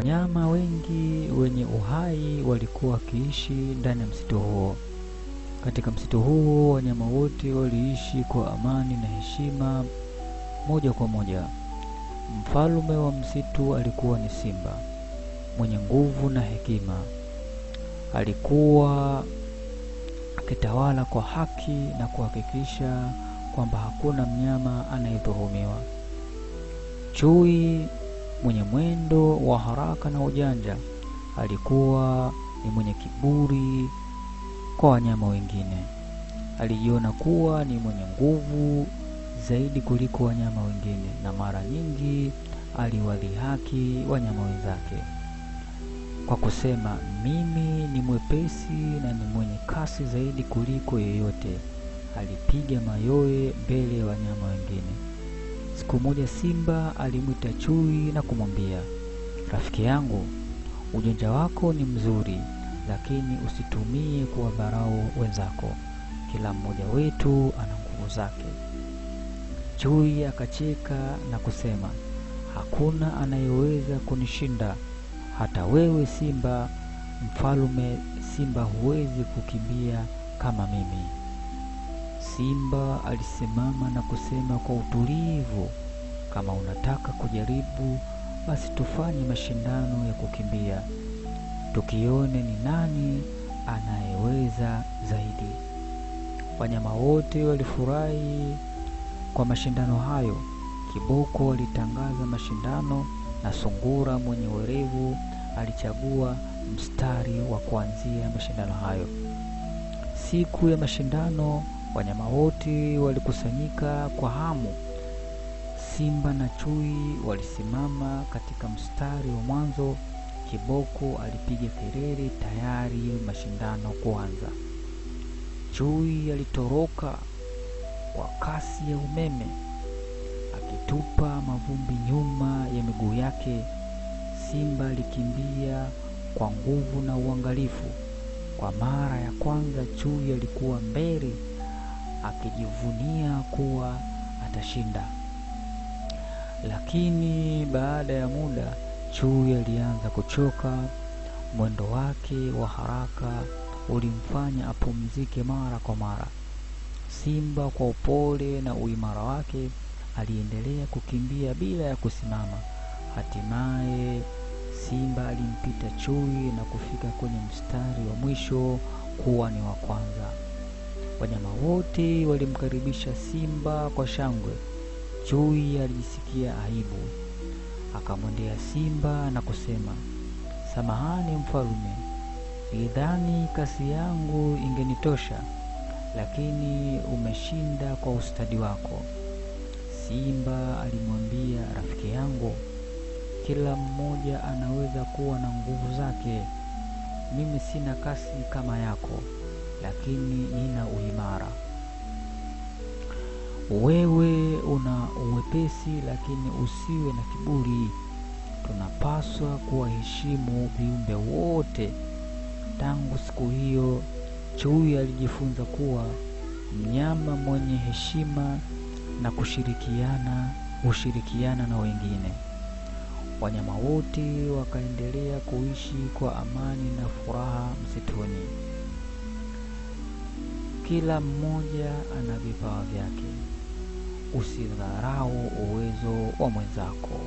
Wanyama wengi wenye uhai walikuwa wakiishi ndani ya msitu huo. Katika msitu huo, wanyama wote waliishi kwa amani na heshima moja kwa moja. Mfalme wa msitu alikuwa ni simba mwenye nguvu na hekima. Alikuwa akitawala kwa haki na kuhakikisha kwamba hakuna mnyama anayedhulumiwa. Chui mwenye mwendo wa haraka na ujanja. Alikuwa ni mwenye kiburi kwa wanyama wengine. Alijiona kuwa ni mwenye nguvu zaidi kuliko wanyama wengine, na mara nyingi aliwadhihaki wanyama wenzake kwa kusema, mimi ni mwepesi na ni mwenye kasi zaidi kuliko yeyote. Alipiga mayowe mbele ya wanyama wengine. Siku moja simba alimwita chui na kumwambia, rafiki yangu, ujanja wako ni mzuri, lakini usitumie kuwadharau wenzako. Kila mmoja wetu ana nguvu zake. Chui akacheka na kusema, hakuna anayeweza kunishinda, hata wewe simba mfalume simba, huwezi kukimbia kama mimi. Simba alisimama na kusema kwa utulivu, kama unataka kujaribu, basi tufanye mashindano ya kukimbia, tukione ni nani anayeweza zaidi. Wanyama wote walifurahi kwa mashindano hayo. Kiboko alitangaza mashindano na Sungura mwenye werevu alichagua mstari wa kuanzia mashindano hayo. Siku ya mashindano Wanyama wote walikusanyika kwa hamu. Simba na chui walisimama katika mstari wa mwanzo. Kiboko alipiga kelele, tayari mashindano kuanza. Chui alitoroka kwa kasi ya umeme, akitupa mavumbi nyuma ya miguu yake. Simba alikimbia kwa nguvu na uangalifu. Kwa mara ya kwanza, chui alikuwa mbele akijivunia kuwa atashinda. Lakini baada ya muda, chui alianza kuchoka. Mwendo wake wa haraka ulimfanya apumzike mara kwa mara. Simba kwa upole na uimara wake aliendelea kukimbia bila ya kusimama. Hatimaye simba alimpita chui na kufika kwenye mstari wa mwisho kuwa ni wa kwanza. Wanyama wote walimkaribisha Simba kwa shangwe. Chui alijisikia aibu, akamwendea Simba na kusema, samahani mfalme, nilidhani kasi yangu ingenitosha, lakini umeshinda kwa ustadi wako. Simba alimwambia, rafiki yangu, kila mmoja anaweza kuwa na nguvu zake. Mimi sina kasi kama yako lakini nina uimara. Wewe una uwepesi, lakini usiwe na kiburi. Tunapaswa kuwaheshimu viumbe wote. Tangu siku hiyo, chui alijifunza kuwa mnyama mwenye heshima na kushirikiana hushirikiana na wengine. Wanyama wote wakaendelea kuishi kwa amani na furaha msituni. Kila mmoja ana vipawa vyake, usidharau uwezo wa mwenzako.